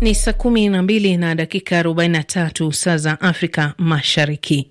Ni saa kumi na mbili na dakika 43 saa za Afrika Mashariki.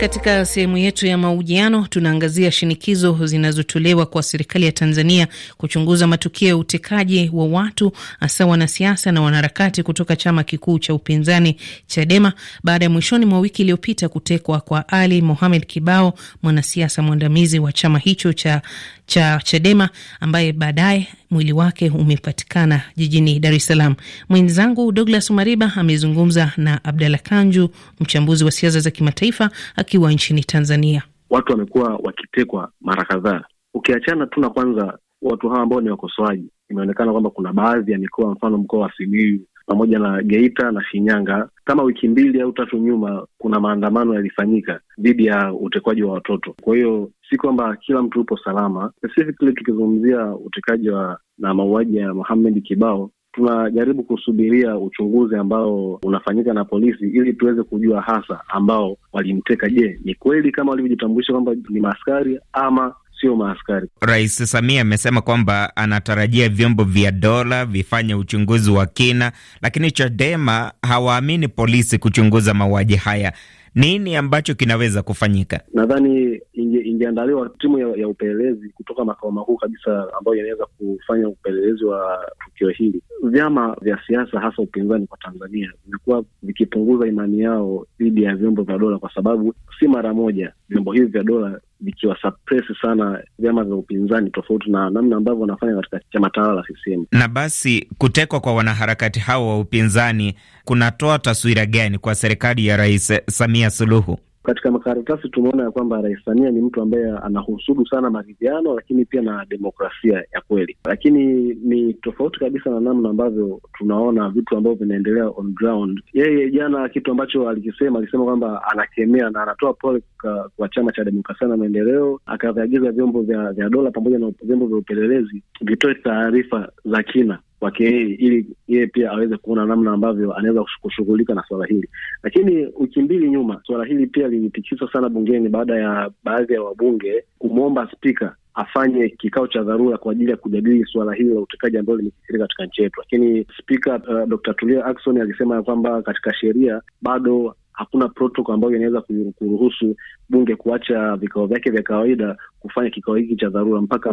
Katika sehemu yetu ya mahojiano tunaangazia shinikizo zinazotolewa kwa serikali ya Tanzania kuchunguza matukio ya utekaji wa watu hasa wanasiasa na wanaharakati kutoka chama kikuu cha upinzani Chadema baada ya mwishoni mwa wiki iliyopita kutekwa kwa Ali Mohamed Kibao, mwanasiasa mwandamizi wa chama hicho cha cha Chadema ambaye baadaye mwili wake umepatikana jijini Dar es Salaam. Mwenzangu Douglas Mariba amezungumza na Abdalla Kanju, mchambuzi wa siasa za kimataifa akiwa nchini Tanzania. Watu wamekuwa wakitekwa mara kadhaa, ukiachana tu na kwanza watu hawa ambao ni wakosoaji, imeonekana kwamba kuna baadhi ya mikoa, mfano mkoa wa Simiyu pamoja na Geita na Shinyanga, kama wiki mbili au tatu nyuma, kuna maandamano yalifanyika dhidi ya utekwaji wa watoto. Kwa hiyo si kwamba kila mtu yupo salama. Specifically tukizungumzia utekaji wa na mauaji ya Mohamed Kibao, tunajaribu kusubiria uchunguzi ambao unafanyika na polisi ili tuweze kujua hasa ambao walimteka. Je, ni kweli kama walivyojitambulisha kwamba ni maaskari ama sio maaskari? Rais Samia amesema kwamba anatarajia vyombo vya dola vifanye uchunguzi wa kina, lakini Chadema hawaamini polisi kuchunguza mauaji haya nini ambacho kinaweza kufanyika? Nadhani ingeandaliwa timu ya, ya upelelezi kutoka makao makuu kabisa ambayo inaweza kufanya upelelezi wa tukio hili. Vyama vya siasa hasa upinzani kwa Tanzania vimekuwa vikipunguza imani yao dhidi ya vyombo vya dola, kwa sababu si mara moja vyombo hivi vya dola vikiwa vikiwasuppress sana vyama vya upinzani, tofauti na namna ambavyo wanafanya katika chama tawala la CCM. Na basi kutekwa kwa wanaharakati hao wa upinzani kunatoa taswira gani kwa serikali ya Rais Samia Suluhu? Katika makaratasi tumeona ya kwamba Rais Samia ni mtu ambaye anahusudu sana maridhiano, lakini pia na demokrasia ya kweli, lakini ni tofauti kabisa na namna ambavyo tunaona vitu ambavyo vinaendelea on ground. Yeye jana kitu ambacho alikisema, alisema kwamba anakemea na anatoa pole kwa Chama cha Demokrasia na Maendeleo, akaviagiza vyombo vya, vya dola pamoja na vyombo vya upelelezi vitoe taarifa za kina kwake yeye, ili yeye pia aweze kuona namna ambavyo anaweza kushughulika na swala hili. Lakini wiki mbili nyuma, swala hili pia lilitikiswa sana bungeni baada ya baadhi ya wabunge kumwomba spika afanye kikao cha dharura kwa ajili ya kujadili suala hili la utekaji ambalo limekithiri katika nchi yetu. Lakini spika uh, Dr. Tulia Ackson alisema ya kwamba katika sheria bado hakuna ambayo inaweza kuruhusu bunge kuacha vikao vyake vya kawaida kufanya kikao hiki cha dharura mpaka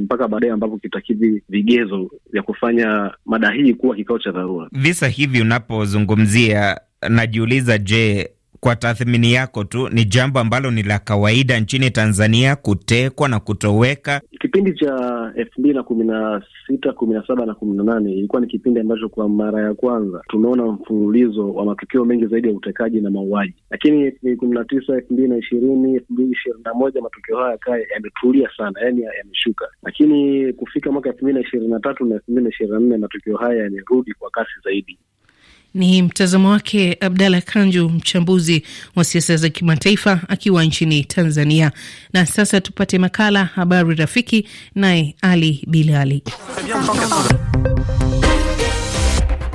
mpaka baadaye ambapo kitakidhi vigezo vya kufanya mada hii kuwa kikao cha dharura. Visa hivi unapozungumzia, najiuliza je, kwa tathmini yako tu, ni jambo ambalo ni la kawaida nchini Tanzania kutekwa na kutoweka? Kipindi cha elfu mbili na kumi na sita kumi na saba na kumi na nane ilikuwa ni kipindi ambacho kwa mara ya kwanza tumeona mfululizo wa matukio mengi zaidi ya utekaji na mauaji, lakini elfu mbili kumi na tisa elfu mbili na ishirini elfu mbili ishirini na moja matukio haya kaa yametulia sana, yani yameshuka, lakini kufika mwaka elfu mbili na ishirini na tatu na elfu mbili na ishirini na nne matukio haya yamerudi kwa kasi zaidi. Ni mtazamo wake Abdalla Kanju, mchambuzi wa siasa za kimataifa akiwa nchini Tanzania. Na sasa tupate makala Habari Rafiki naye Ali Bilali.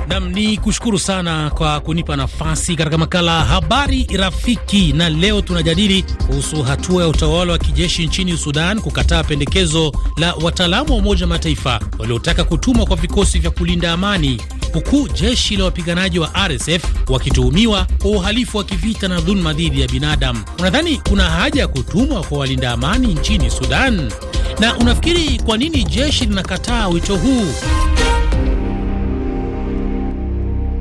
Nam ni kushukuru sana kwa kunipa nafasi katika makala habari rafiki, na leo tunajadili kuhusu hatua ya utawala wa kijeshi nchini Sudan kukataa pendekezo la wataalamu wa Umoja wa Mataifa waliotaka kutumwa kwa vikosi vya kulinda amani huku jeshi la wapiganaji wa RSF wakituhumiwa kwa uhalifu wa kivita na dhuluma dhidi ya binadamu. Unadhani kuna haja ya kutumwa kwa walinda amani nchini Sudan? Na unafikiri kwa nini jeshi linakataa wito huu?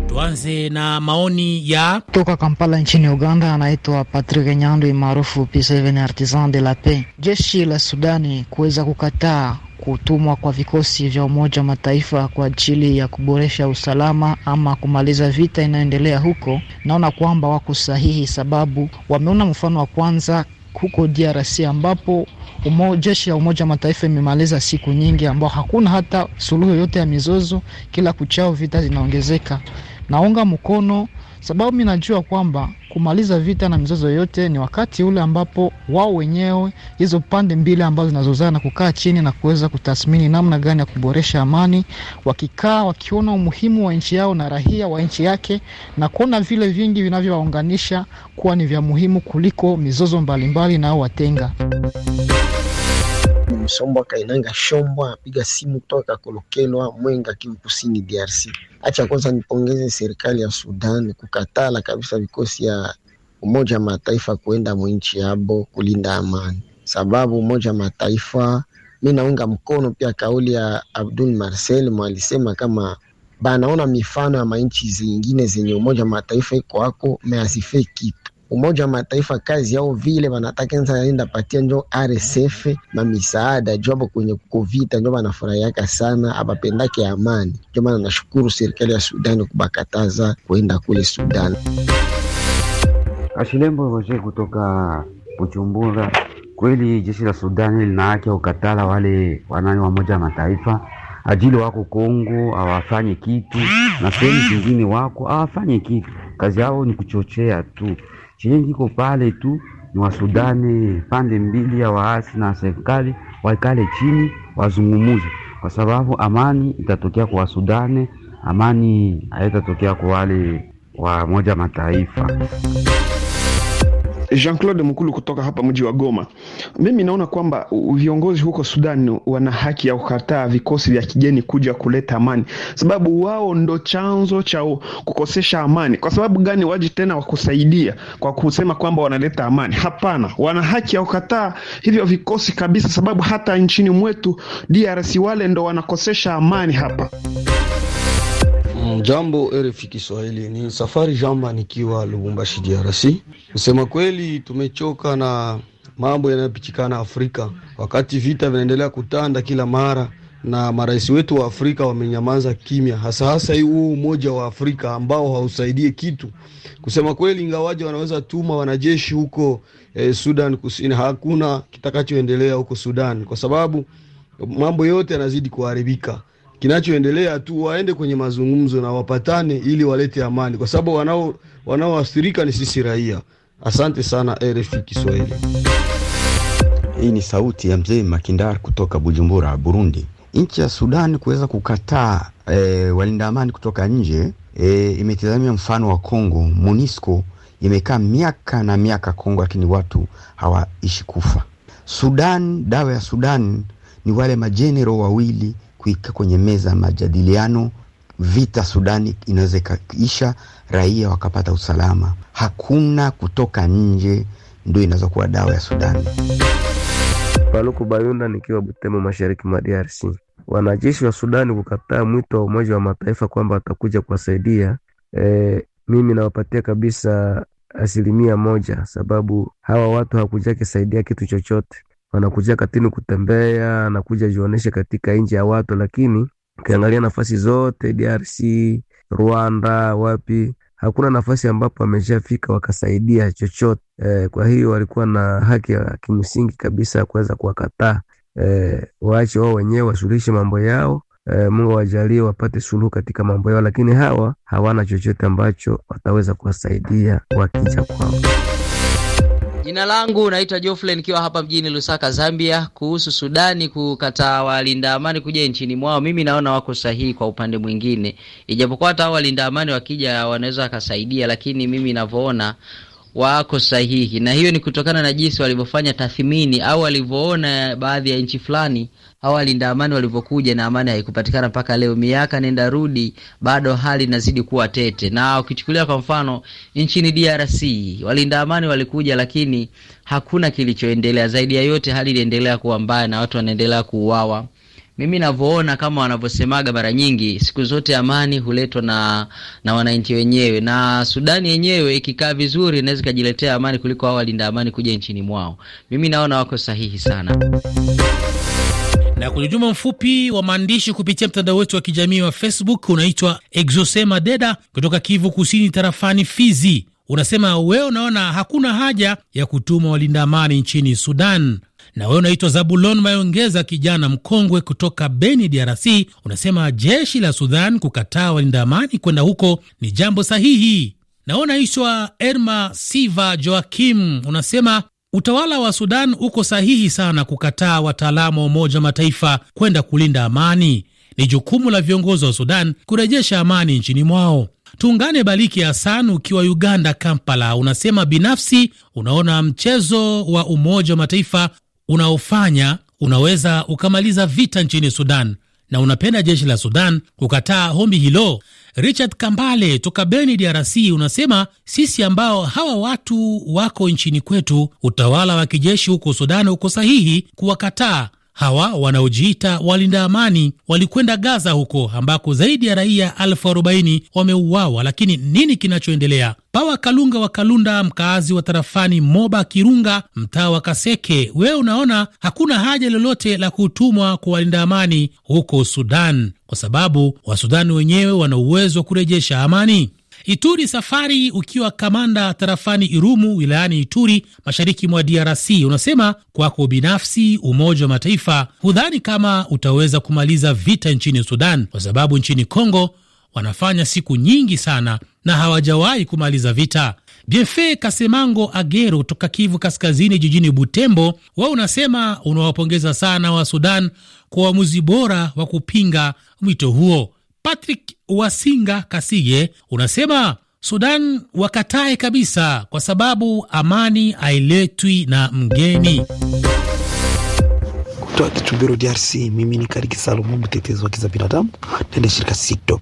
Tuanze na maoni ya toka Kampala nchini Uganda, anaitwa Patrick Nyandwi maarufu P7 Artisan de la Paix. Jeshi la Sudani kuweza kukataa kutumwa kwa vikosi vya Umoja wa Mataifa kwa ajili ya kuboresha usalama ama kumaliza vita inayoendelea huko, naona kwamba wako sahihi, sababu wameona mfano wa kwanza huko DRC ambapo jeshi ya Umoja wa Mataifa imemaliza siku nyingi, ambao hakuna hata suluhu yoyote ya mizozo. Kila kuchao vita zinaongezeka. Naunga mkono sababu mi najua kwamba kumaliza vita na mizozo yote ni wakati ule ambapo wao wenyewe hizo pande mbili ambazo zinazozana na kukaa chini na kuweza kutathmini namna gani ya kuboresha amani, wakikaa wakiona umuhimu wa nchi yao na rahia wa nchi yake na kuona vile vingi vinavyowaunganisha kuwa ni vya muhimu kuliko mizozo mbalimbali inayowatenga. Msombwa Kainanga Shombwa apiga simu kutoka Kolokelwa, Mwenga, Kivu Kusini, DRC. Acha kwanza nipongeze serikali ya Sudan kukatala kabisa vikosi ya Umoja wa Mataifa kuenda mwinchi yabo kulinda amani, sababu Umoja wa Mataifa mi naunga mkono pia kauli ya Abdul Marcel mwalisema kama banaona mifano ya manchi zingine zenye Umoja wa Mataifa iko me measifei kitu Umoja wa Mataifa kazi yao vile wanatakenza enda patia njo RSF na misaada kwenye kukovita njo banafurahiaka sana, abapendake amani. Njo maana nashukuru serikali ya Sudani kubakataza kuenda kule Sudani. Ashilembo Roje kutoka Bujumbura. Kweli jeshi la Sudani linaacha ukatala wale wanani wa moja mataifa ajili wako Kongo awafanye kitu na sehemu zingine wako awafanye kitu kazi yao ni kuchochea tu, chenye kiko pale tu ni Wasudani pande mbili ya waasi na serikali waikale chini wazungumuze, kwa sababu amani itatokea kwa Wasudani, amani haitatokea kwa wale wa moja mataifa. Jean-Claude Mkulu kutoka hapa mji wa Goma. Mimi naona kwamba viongozi huko Sudan wana haki ya kukataa vikosi vya kigeni kuja kuleta amani, sababu wao ndo chanzo cha kukosesha amani. Kwa sababu gani waje tena wakusaidia kwa kusema kwamba wanaleta amani? Hapana, wana haki ya kukataa hivyo vikosi kabisa, sababu hata nchini mwetu DRC wale ndo wanakosesha amani hapa. Jambo RFI Kiswahili, ni Safari Jamba nikiwa Lubumbashi, DRC. Kusema kweli, tumechoka na mambo yanayopichikana Afrika, wakati vita vinaendelea kutanda kila mara na marais wetu wa Afrika wamenyamaza kimya, hasa hasa huu umoja wa Afrika ambao hausaidie kitu. Kusema kweli, ingawaje wanaweza tuma wanajeshi huko eh, Sudan Kusini, hakuna kitakachoendelea huko Sudan kwa sababu mambo yote yanazidi kuharibika. Kinachoendelea tu waende kwenye mazungumzo na wapatane, ili walete amani, kwa sababu wanao wanaoathirika ni sisi raia. Asante sana RFI Kiswahili. Hii ni sauti ya mzee Makindar kutoka Bujumbura, Burundi. Nchi ya Sudan kuweza kukataa e, walinda amani kutoka nje e, eh, imetazamia mfano wa Kongo. MONUSCO imekaa miaka na miaka Kongo, lakini watu hawaishi kufa. Sudan, dawa ya Sudan ni wale majenero wawili kuika kwenye meza ya majadiliano. Vita Sudani inaweza ikaisha, raia wakapata usalama. Hakuna kutoka nje, ndio inaweza kuwa dawa ya Sudani. Paluku Bayunda nikiwa butemo mashariki mwa DRC. Wanajeshi wa Sudani kukataa mwito wa Umoja wa Mataifa kwamba watakuja kuwasaidia, e, mimi nawapatia kabisa asilimia moja, sababu hawa watu hawakuja kisaidia kitu chochote wanakuja katini kutembea, anakuja jioneshe katika nje ya watu, lakini ukiangalia nafasi zote DRC, Rwanda, wapi hakuna nafasi ambapo ameshafika wakasaidia chochote eh. Kwa hiyo walikuwa na haki ya kimsingi kabisa ya kuweza kuwakataa eh, waache wao wenyewe wasuluhishe mambo yao eh, Mungu awajalie wapate suluhu katika mambo yao, lakini hawa hawana chochote ambacho wataweza kuwasaidia wakija kwao. Jina langu naitwa Jofle nikiwa hapa mjini Lusaka, Zambia. Kuhusu Sudani kukataa walinda amani kuja nchini mwao, mimi naona wako sahihi kwa upande mwingine, ijapokuwa hata walinda amani wakija wanaweza wakasaidia, lakini mimi navyoona wako sahihi, na hiyo ni kutokana na jinsi walivyofanya tathmini au walivyoona baadhi ya nchi fulani hao walinda amani walivyokuja na amani haikupatikana mpaka leo, miaka nenda rudi, bado hali inazidi kuwa tete. Na ukichukulia kwa mfano nchini DRC, walinda amani walikuja, lakini hakuna kilichoendelea. Zaidi ya yote, hali iliendelea kuwa mbaya na watu wanaendelea kuuawa. Mimi navyoona kama wanavyosemaga mara nyingi, siku zote amani huletwa na, na wananchi wenyewe, na Sudani yenyewe ikikaa vizuri inaweza ikajiletea amani kuliko hao walinda amani kuja nchini mwao. Mimi naona wako sahihi sana. Na kwenye ujumbe mfupi wa maandishi kupitia mtandao wetu wa kijamii wa Facebook unaitwa Exosema Deda kutoka Kivu Kusini, tarafani Fizi, unasema wewe unaona hakuna haja ya kutuma walinda amani nchini Sudan. Na wewe unaitwa Zabulon Mayongeza, kijana mkongwe kutoka Beni, DRC, unasema jeshi la Sudan kukataa walinda amani kwenda huko ni jambo sahihi. Na wewe unaitwa Erma Siva Joakim, unasema Utawala wa Sudan uko sahihi sana kukataa wataalamu wa Umoja wa Mataifa kwenda kulinda amani. Ni jukumu la viongozi wa Sudan kurejesha amani nchini mwao. Tuungane Baliki hasan ukiwa Uganda, Kampala, unasema binafsi unaona mchezo wa Umoja wa Mataifa unaofanya unaweza ukamaliza vita nchini Sudan na unapenda jeshi la Sudan kukataa ombi hilo. Richard Kambale toka Beni, DRC, unasema sisi ambao hawa watu wako nchini kwetu, utawala wa kijeshi huko Sudani uko sahihi kuwakataa Hawa wanaojiita walinda amani walikwenda Gaza huko ambako zaidi ya raia elfu arobaini wameuawa. Lakini nini kinachoendelea? Pawa Kalunga wa Kalunda, mkaazi wa tarafani Moba Kirunga, mtaa wa Kaseke, wewe unaona hakuna haja lolote la kutumwa kwa walinda amani huko Sudan, kwa sababu Wasudani wenyewe wana uwezo wa kurejesha amani. Ituri Safari, ukiwa kamanda tarafani Irumu wilayani Ituri, mashariki mwa DRC, unasema kwako binafsi, Umoja wa Mataifa hudhani kama utaweza kumaliza vita nchini Sudan kwa sababu nchini Kongo wanafanya siku nyingi sana na hawajawahi kumaliza vita. Bienfe Kasemango Agero toka Kivu Kaskazini, jijini Butembo, wao unasema unawapongeza sana wa Sudan kwa uamuzi bora wa kupinga mwito huo. Patrick Wasinga Kasige unasema Sudan wakatae kabisa, kwa sababu amani hailetwi na mgeni. Kutoka Kichumbiro, DRC, mimi ni Kariki Salomo, mtetezi wa haki za binadamu, nende shirika SIDOP.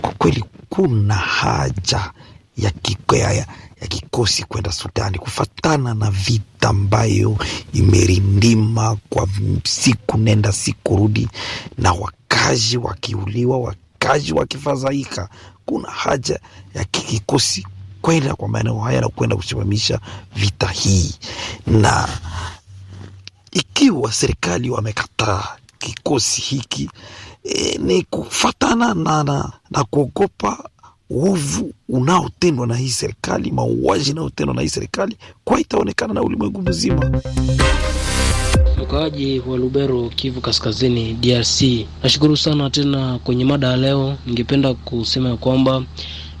Kwa kweli kuna haja ya kikwaya ya kikosi kwenda Sudani kufatana na vita ambayo imerindima kwa siku nenda siku rudi, na wakazi wakiuliwa, wak wakazi wakifadhaika, kuna haja ya kikosi kwenda kwa maeneo haya na kwenda kusimamisha vita hii, na ikiwa serikali wamekataa kikosi hiki e, ni kufatana na, na, na kuogopa uovu unaotendwa na hii serikali, mauaji unaotendwa na hii serikali, kwa itaonekana na ulimwengu mzima mkaaji wa Lubero, Kivu Kaskazini, DRC. Nashukuru sana tena kwenye mada ya leo. Ningependa kusema kwamba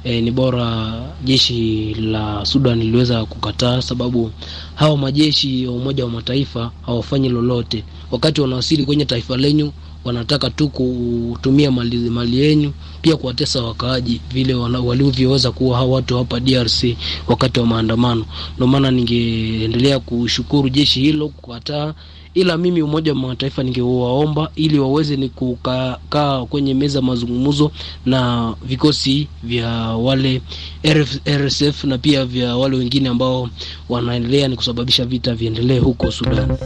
E, ni bora jeshi la Sudan liliweza kukataa, sababu hawa majeshi wa Umoja wa Mataifa hawafanyi lolote. Wakati wanawasili kwenye taifa lenyu, wanataka tu kutumia mali, mali yenyu, pia kuwatesa wakaaji vile walivyoweza kuwa hawa watu hapa DRC wakati wa maandamano. Ndio maana ningeendelea kushukuru jeshi hilo kukataa ila mimi Umoja wa Mataifa ningewaomba ili waweze ni kukaa kwenye meza mazungumzo na vikosi vya wale RF, RSF na pia vya wale wengine ambao wanaendelea ni kusababisha vita viendelee huko Sudan.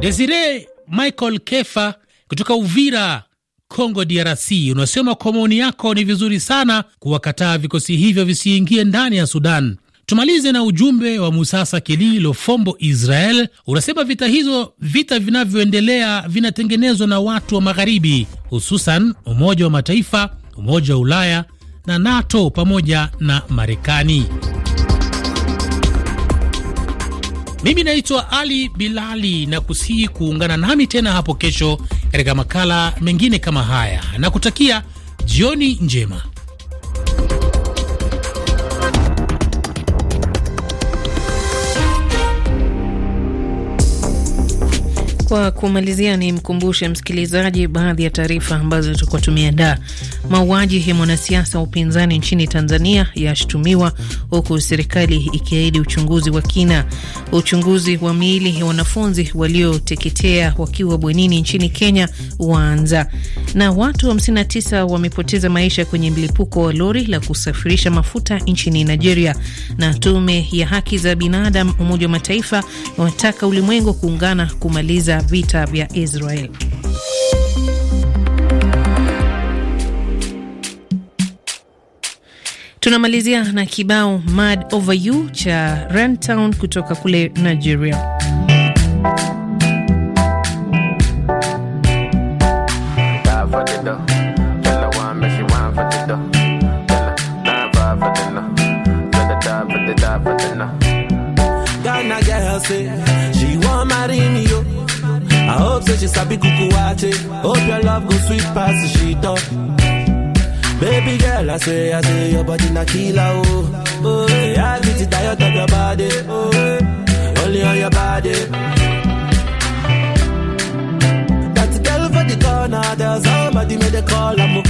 Desire Michael Kefa kutoka Uvira Kongo DRC unasema kwa maoni yako ni vizuri sana kuwakataa vikosi hivyo visiingie ndani ya Sudan. Tumalize na ujumbe wa Musasa Keli Lofombo, Israel, unasema vita hizo, vita vinavyoendelea vinatengenezwa na watu wa Magharibi, hususan Umoja wa Mataifa, Umoja wa Ulaya na NATO pamoja na Marekani. Mimi naitwa Ali Bilali na kusihi kuungana nami tena hapo kesho katika makala mengine kama haya, na kutakia jioni njema. Kwa kumalizia, ni mkumbushe msikilizaji baadhi ya taarifa ambazo tulikuwa tumeandaa. Mauaji ya mwanasiasa wa upinzani nchini Tanzania yashutumiwa huku serikali ikiahidi uchunguzi wa kina. Uchunguzi wa miili ya wanafunzi walioteketea wakiwa bwenini nchini Kenya waanza. Na watu 59 wamepoteza maisha kwenye mlipuko wa lori la kusafirisha mafuta nchini Nigeria. Na tume ya haki za binadamu Umoja wa Mataifa wataka ulimwengu kuungana kumaliza vita vya Israel. Tunamalizia na kibao Mad Over You cha Runtown kutoka kule Nigeria. Yeah. sabi kuku wache. Hope your love go sweet past the sheet up. Oh. Baby girl, I say, I say, your body na killer, oh. Oh, yeah, I get it tired of your body, oh. Only on your body. That girl for the corner, there's somebody me a call, I'm oh.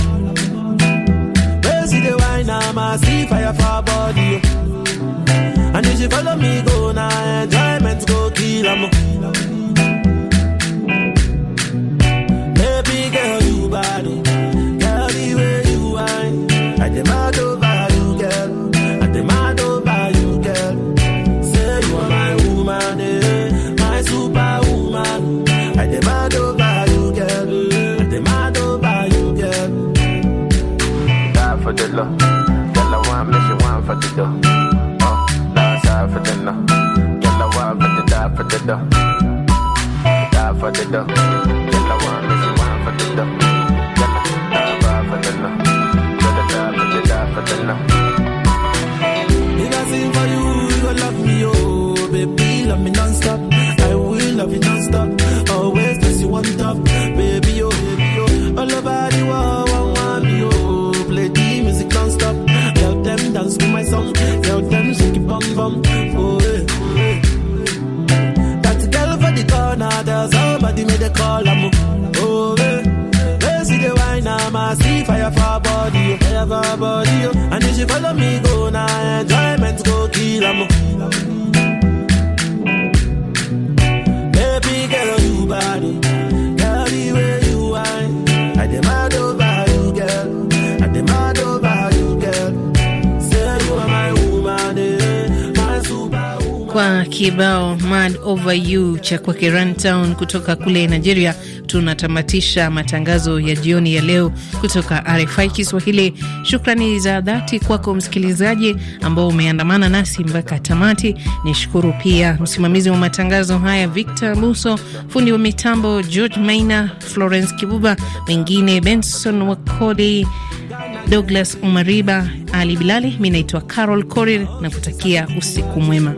Baby, see the wine, I'm a see fire for body, oh. And if you follow me, go do. Uh, last out for dinner. Get the wild but the die for the dough. Die for the dough. they call them. Oh, eh. They see the wine, I'm a see fire for body, oh, fire for body. Oh. And if you follow me, go now, nah, enjoyment go kill them. Baby girl, oh, you body. kibao mad over you cha kwake Runtown kutoka kule Nigeria. Tunatamatisha matangazo ya jioni ya leo kutoka RFI Kiswahili. Shukrani za dhati kwako msikilizaji ambao umeandamana nasi mpaka tamati. Nishukuru pia msimamizi wa matangazo haya Victor Buso, fundi wa mitambo George Maina, Florence Kibuba, wengine Benson Wakodi Douglas Umariba, Ali Bilali. Mi naitwa Carol Korir na kutakia usiku mwema.